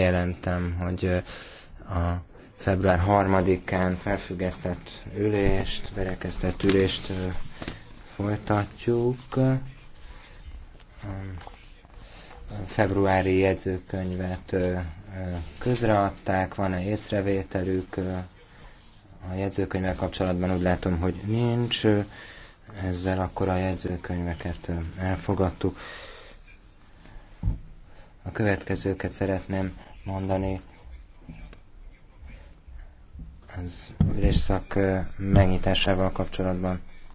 bejelentem, hogy a február 3-án felfüggesztett ülést, berekeztett ülést folytatjuk. A februári jegyzőkönyvet közreadták, van-e észrevételük? A jegyzőkönyvvel kapcsolatban úgy látom, hogy nincs. Ezzel akkor a jegyzőkönyveket elfogadtuk. A következőket szeretném mondani. Az részszak megnyitásával kapcsolatban.